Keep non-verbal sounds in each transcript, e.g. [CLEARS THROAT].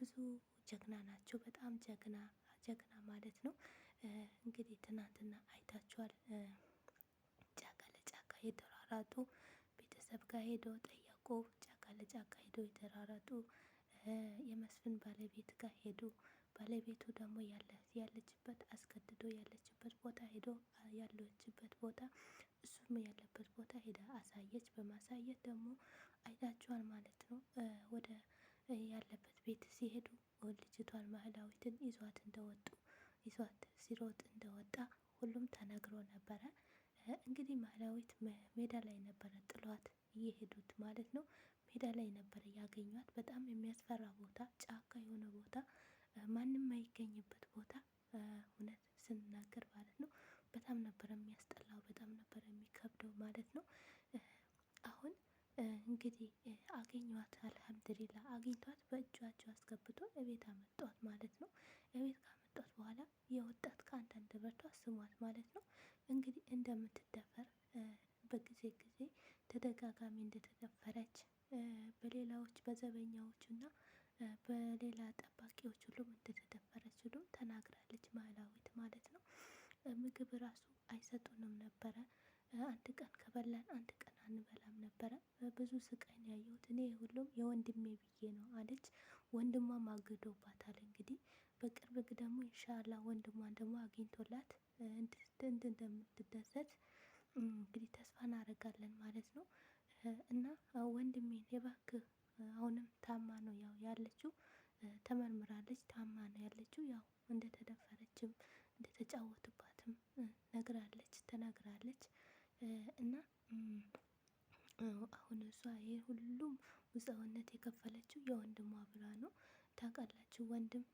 ብዙ ጀግና ናቸው። በጣም ጀግና ጀግና ማለት ነው። እንግዲህ ትናንትና አይታችኋል። ጫካ ለጫካ የተራራጡ ቤተሰብ ጋር ሄደው ጠየቁ። ጫካ ለጫካ ሄደው የተራራጡ የመስፍን ባለቤት ጋር ሄዱ። ባለቤቱ ደግሞ ያለችበት አስገድዶ ያለችበት ቦታ ሄዶ ያለችበት ቦታ እሱም ያለበት ቦታ ሄዳ አሳየች። በማሳየት ደግሞ አይታችኋል ማለት ነው ወደ ያለበት ቤት ሲሄዱ ልጅቷን ማህላዊትን ይዟት እንደወጡ ይዟት ሲሮጥ እንደወጣ ሁሉም ተናግሮ ነበረ። እንግዲህ ማህላዊት ሜዳ ላይ ነበረ ጥሏት እየሄዱት ማለት ነው። ሜዳ ላይ ነበረ ያገኟት። በጣም የሚያስፈራ ቦታ፣ ጫካ የሆነ ቦታ፣ ማንም አይገኝበት ቦታ እውነት ስንናገር ማለት ነው። በጣም ነበረ የሚያስጠላው፣ በጣም ነበረ የሚከብደው ማለት ነው። እንግዲህ አገኘዋት። አልሐምድሊላ አግኝቷት በእጃቸው አስገብቶ እቤት አመጧት ማለት ነው። እቤት ካመጧት በኋላ የወጣት ከአንዳንድ በርቷ ስሟት ማለት ነው። እንግዲህ እንደምትደፈር በጊዜ ጊዜ ተደጋጋሚ እንደተደፈረች በሌላዎች በዘበኛዎች እና በሌላ ጠባቂዎች ሁሉም እንደተደፈረች ሁሉም ተናግራለች ማህላዊት ማለት ነው። ምግብ ራሱ አይሰጡንም ነበረ። አንድ ቀን ከበላን አንድ ቀን አንበላም ነበረ። ብዙ ስቃይ ነው ያየሁት እኔ ሁሉም የወንድሜ ብዬ ነው አለች። ወንድሟም አግዶባታል። እንግዲህ በቅርብ ደግሞ ኢንሻላ ወንድሟን ደግሞ አግኝቶላት እንደምትደሰት እንግዲህ ተስፋ እናደርጋለን ማለት ነው። እና ወንድሜን የባክህ አሁንም ታማ ነው ያው ያለችው ተመርምራለች። ታማ ነው ያለችው ያው እንደተደፈረችም እንደተጫወቱባትም ነግራለች ተናግራለች እና አሁን እሷ ይሄ ሁሉም ውጽውነት የከፈለችው የወንድሟ ብላ ነው። ታውቃላችሁ ወንድም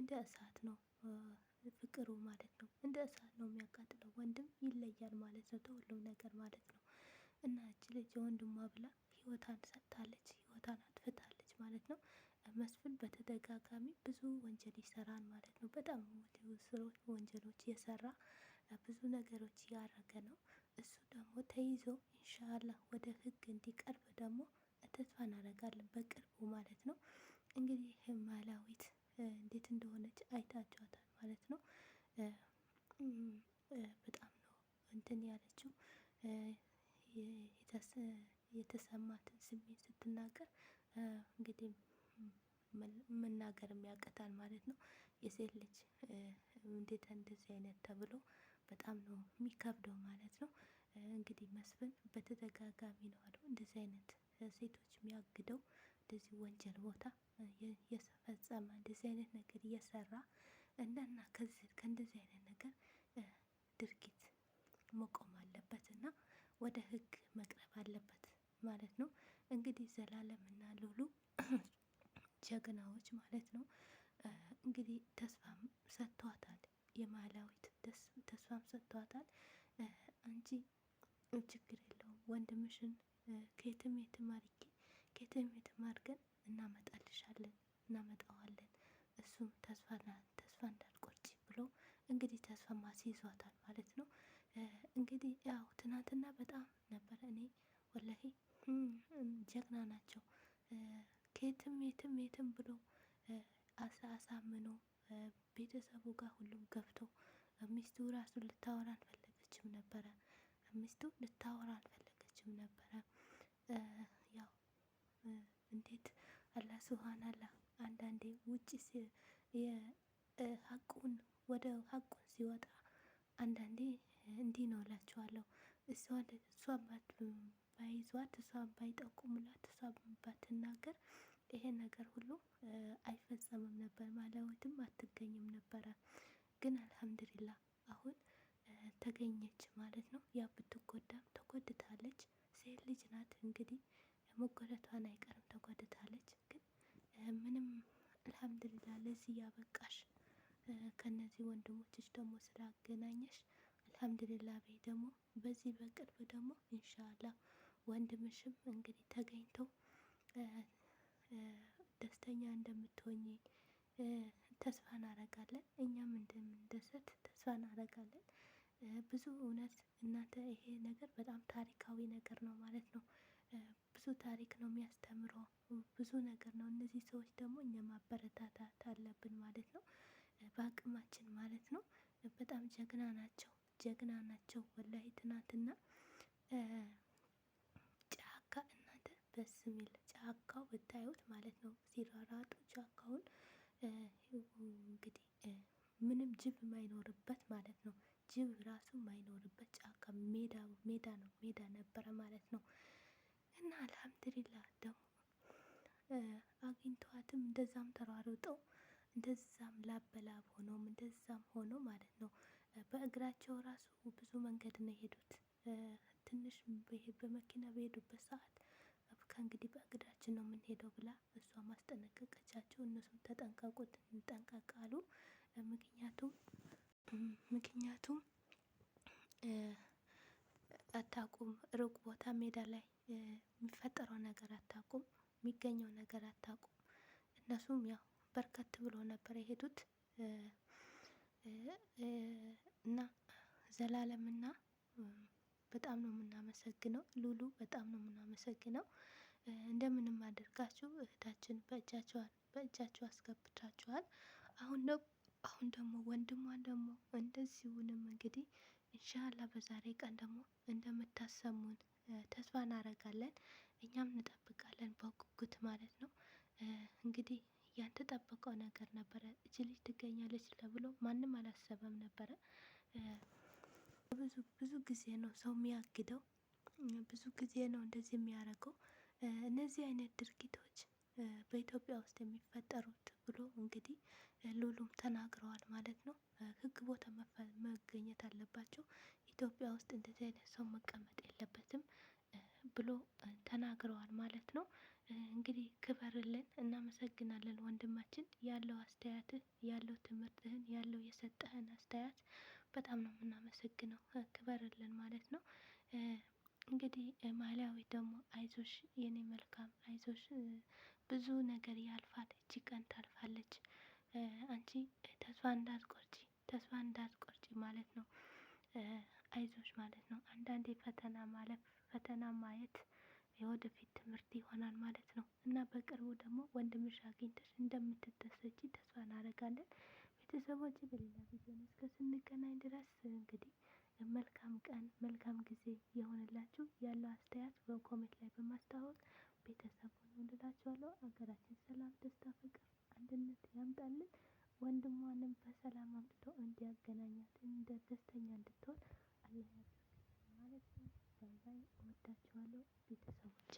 እንደ እሳት ነው ፍቅሩ ማለት ነው። እንደ እሳት ነው የሚያቃጥለው። ወንድም ይለያል ማለት ነው ከሁሉም ነገር ማለት ነው። እና እች ልጅ የወንድሟ ብላ ህይወቷን ሰጥታለች፣ ህይወቷን አጥፍታለች ማለት ነው። መስፍን በተደጋጋሚ ብዙ ወንጀል ይሰራል ማለት ነው። በጣም ብዙ ወንጀሎች የሰራ ብዙ ነገሮች ያደረገ ነው። እሱ ደግሞ ተይዞ ኢንሻላህ ወደ ህግ እንዲቀርብ ደግሞ ተስፋ እናደርጋለን በቅርቡ ማለት ነው። እንግዲህ ማላዊት እንዴት እንደሆነች አይታችኋታል ማለት ነው። በጣም ነው እንትን ያለችው የተሰማትን ስሜት ስትናገር እንግዲህ መናገርም ያቅታል ማለት ነው። የሴት ልጅ እንዴት እንደዚህ አይነት ተብሎ በጣም ነው የሚከብደው ማለት ነው። እንግዲህ መስፍን በተደጋጋሚ ነው እንደዚህ አይነት ሴቶች የሚያግደው እንደዚህ ወንጀል ቦታ እየፈጸመ እንደዚህ አይነት ነገር እየሰራ እና እና ከእንደዚህ አይነት ነገር ድርጊት መቆም አለበት እና ወደ ህግ መቅረብ አለበት ማለት ነው። እንግዲህ ዘላለም እና ሉሉ [CLEARS THROAT] ጀግናዎች ማለት ነው። እንግዲህ ተስፋ ሰጥቷታል የማላዊት ተስፋም ሰጥቷታል። አንቺ ችግር የለውም ወንድምሽን ከየትም የትም አድርጌ ከየትም የትም አድርገን እናመጣልሻለን እናመጣዋለን እሱም ተስፋ ተስፋ እንዳልቆርጭ ብሎ እንግዲህ ተስፋ ማስይዟታል ማለት ነው። እንግዲህ ያው ትናንትና በጣም ነበረ እኔ ወላሂ ጀግና ናቸው። ከየትም የትም የትም ብሎ አሳምኖ ቤተሰቡ ጋር ሁሉም ገብቶ ሚስቱ ራሱ ልታወራ አልፈለገችም ነበረ። ሚስቱ ልታወራ አልፈለገችም ነበረ። ያው እንዴት አላህ ስብሃን አላህ አንዳንዴ ውጭ ሀቁን ወደ ሀቁን ሲወጣ አንዳንዴ እንዲህ ነው እላችኋለሁ። እሷ ባይዟት፣ እሷ ባይጠቁሙላት፣ እሷ ባትናገር ይሄ ነገር ሁሉ አይፈጸምም ነበር፣ ማለትም አትገኝም ነበረ። ግን አልሐምድሊላ አሁን ተገኘች ማለት ነው። ያ ብትጎዳም ተጎድታለች። ሴት ልጅ ናት እንግዲህ መጎዳቷን አይቀርም ተጎድታለች። ግን ምንም አልሐምድሊላ ለዚህ ያበቃሽ ከነዚህ ወንድሞችሽ ደግሞ ስላገናኘሽ አልሐምድሊላ በይ። ደግሞ በዚህ በቅርብ ደግሞ እንሻላ ወንድምሽም እንግዲህ ተገኝተው ደስተኛ እንደምትሆኝ ተስፋ እናረጋለን። እኛም እንደምንደሰት ተስፋ እናረጋለን። ብዙ እውነት እናንተ ይሄ ነገር በጣም ታሪካዊ ነገር ነው ማለት ነው። ብዙ ታሪክ ነው የሚያስተምረው ብዙ ነገር ነው። እነዚህ ሰዎች ደግሞ እኛ ማበረታታት አለብን ማለት ነው። በአቅማችን ማለት ነው። በጣም ጀግና ናቸው፣ ጀግና ናቸው። ወላሂ ትናንትና ጫካ እናንተ ደስ የሚል ጫካው ብታዩት ማለት ነው። ሲራራጡ ጫካውን እንግዲህ ምንም ጅብ የማይኖርበት ማለት ነው። ጅብ ራሱ የማይኖርበት ጫካ ሜዳ ሜዳ ነው ሜዳ ነበረ ማለት ነው። እና አልሐምድሊላህ ደግሞ አግኝተዋትም እንደዛም ተሯሩጠው እንደዛም ላበላብ ሆኖም እንደዛም ሆኖ ማለት ነው። በእግራቸው ራሱ ብዙ መንገድ ነው የሄዱት። ትንሽ በመኪና በሄዱበት ሰዓት ከእንግዲህ በእግር ጥላችን ነው የምንሄደው ብላ እሷ ማስጠነቀቀቻቸው። እነሱም ተጠንቀቁት አሉ። ምክንያቱም ምክንያቱም አታቁም፣ ሩቅ ቦታ ሜዳ ላይ የሚፈጠረው ነገር አታቁም፣ የሚገኘው ነገር አታቁም። እነሱም ያው በርከት ብሎ ነበር የሄዱት እና ዘላለምና በጣም ነው የምናመሰግነው ሉሉ፣ በጣም ነው የምናመሰግነው እንደምንም አድርጋችሁ እህታችን በእጃችሁ አስገብታችኋል። አሁን ደግሞ ወንድሟን ደግሞ እንደዚሁንም እንግዲህ እንሻላ በዛሬ ቀን ደግሞ እንደምታሰሙን ተስፋ እናደርጋለን። እኛም እንጠብቃለን በጉጉት ማለት ነው። እንግዲህ ያልተጠበቀው ነገር ነበረ። እች ልጅ ትገኛለች ተብሎ ማንም አላሰበም ነበረ። ብዙ ብዙ ጊዜ ነው ሰው የሚያግደው፣ ብዙ ጊዜ ነው እንደዚህ የሚያደርገው። እነዚህ አይነት ድርጊቶች በኢትዮጵያ ውስጥ የሚፈጠሩት ብሎ እንግዲህ ሉሉም ተናግረዋል ማለት ነው። ህግ ቦታ መገኘት አለባቸው። ኢትዮጵያ ውስጥ እንደዚህ አይነት ሰው መቀመጥ የለበትም ብሎ ተናግረዋል ማለት ነው። እንግዲህ ክበርልን። እናመሰግናለን ወንድማችን። ያለው አስተያየትህ፣ ያለው ትምህርትህን፣ ያለው የሰጠህን አስተያየት በጣም ነው የምናመሰግነው። ክበርልን ማለት ነው። እንግዲህ ማሊያዊ ደግሞ አይዞሽ የኔ መልካም አይዞሽ፣ ብዙ ነገር ያልፋል፣ እቺ ቀን ታልፋለች፣ አንቺ ተስፋ እንዳትቆርጪ ተስፋ እንዳትቆርጪ ማለት ነው። አይዞሽ ማለት ነው። አንዳንዴ ፈተና ማለፍ ፈተና ማየት የወደፊት ትምህርት ይሆናል ማለት ነው እና በቅርቡ ደግሞ ወንድምሽ አግኝተሽ እንደምትደሰች ተስፋ እናደርጋለን። ቤተሰቦች በሌላ ቪዲዮ እስከ ስንገናኝ ድረስ እንግዲህ መልካም ቀን መልካም ጊዜ የሆነላችሁ ያለው አስተያየት በኮሜንት ላይ በማስታወቅ ቤተሰቡን እንላችኋለሁ። ሀገራችን ሰላም፣ ደስታ፣ ፍቅር፣ አንድነት ያምጣልን። ወንድሟንም በሰላም አምጥቶ እንዲያገናኛት እንደ ደስተኛ እንድትሆን አላህ ማለት ነው። ባይ ባይ። እወዳችኋለሁ ቤተሰቦቼ።